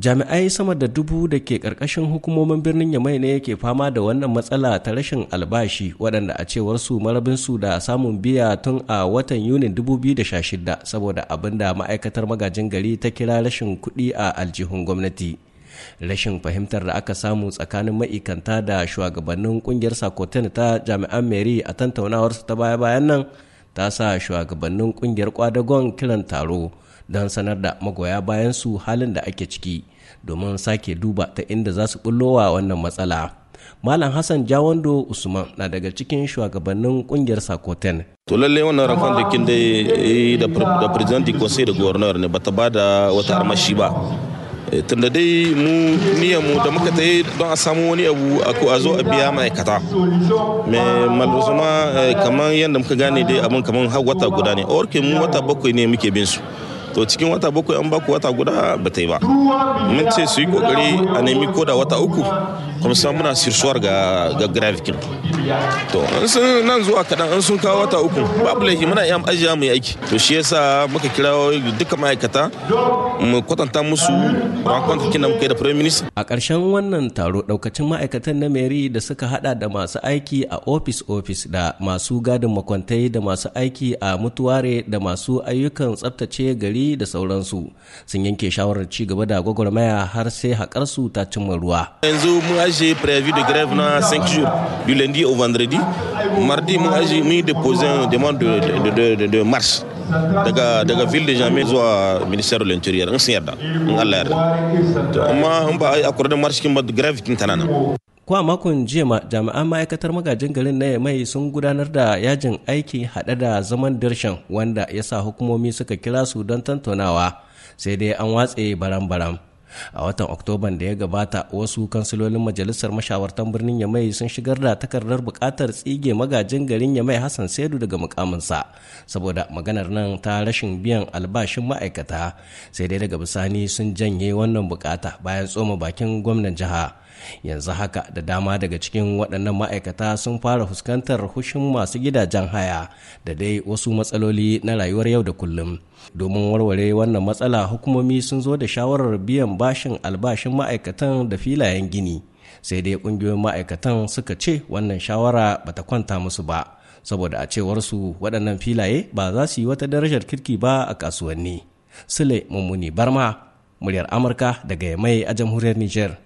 jami'ai sama da dubu da ke ƙarƙashin hukumomin birnin yamai ne ke fama da wannan matsala ta rashin albashi waɗanda a cewar su marabinsu da samun biya tun a watan yunin 2016 saboda abin da ma'aikatar magajin gari ta kira rashin kuɗi a aljihun gwamnati rashin fahimtar da aka samu tsakanin ma'ikanta da shugabannin ƙungiyar sakotin ta jami'an meri a tantaunawarsu ta baya-bayan nan ta sa shugabannin ƙungiyar kwadagon kiran taro don sanar da magoya bayan su halin da ake ciki domin sake duba ta inda za su bullowa wannan matsala. Malam Hassan Jawando Usman na daga cikin shugabannin kungiyar Sakoten. To lalle wannan rakon da kin dai eh, da president di conseil da gouverneur ne bata ba da wata armashi ba. Eh, tunda dai mu niyan mu da muka tayi don a samu wani abu a zo a biya ma'aikata. Me malusuma eh, kamar yadda muka gane dai abin kamar har wata guda ne. A mu wata bakwai ne muke bin su. to cikin wata bakwai an baku wata guda ba ta yi ba mun ce su yi kokari a nemi ko da wata uku kuma san muna sirsuwar ga ga grafikin to an sun nan zuwa kaɗan an sun kawo wata uku babu laifi muna iya ajiya mu aiki to shi yasa muka kira duka ma'aikata mu kwatanta musu rankon da muka yi da prime minister a ƙarshen wannan taro ɗaukacin ma'aikatan na meri da suka hada da masu aiki a office office da masu gadin makwantai da masu aiki a mutuware da masu ayyukan tsabtace gari da sauransu sun yanke shawarar ci gaba da gwagwarmaya har sai haƙarsu ta cimma ruwa yanzu mun j'ai prévu de grève dans 5 jours, du lundi au vendredi. Mardi, mun aji mun yi déposé une demande de, de, de, de, de marche De la, de la ville de Jamé au ministère de l'intérieur un sun d'un alerte. Allah yarda to amma in ba ai akwai marche grève qui tana nan ko a makon jiya ma jami'an ma'aikatar magajin garin na mai sun gudanar da yajin aiki haɗe da zaman dirshan wanda ya sa hukumomi suka kira su don tantaunawa sai dai an watse baram-baram a watan oktoban da ya gabata wasu kansilolin majalisar mashawartan birnin yamai sun shigar da takardar bukatar tsige magajin garin yamai hassan saidu daga mukaminsa saboda maganar nan ta rashin biyan albashin ma'aikata sai dai daga bisani sun janye wannan bukata bayan tsoma bakin gwamnan jiha yanzu haka da dama daga cikin waɗannan ma'aikata sun fara fuskantar hushin masu gidajen haya da dai wasu matsaloli na rayuwar yau da kullum domin warware wannan matsala hukumomi sun zo da shawarar biyan bashin albashin ma'aikatan da filayen gini sai dai ƙungiyoyin ma'aikatan suka ce wannan shawara ba ta kwanta musu ba saboda a cewarsu waɗannan filaye ba za su yi wata darajar kirki ba a kasuwanni sule mummuni barma muryar amurka daga mai a jamhuriyar niger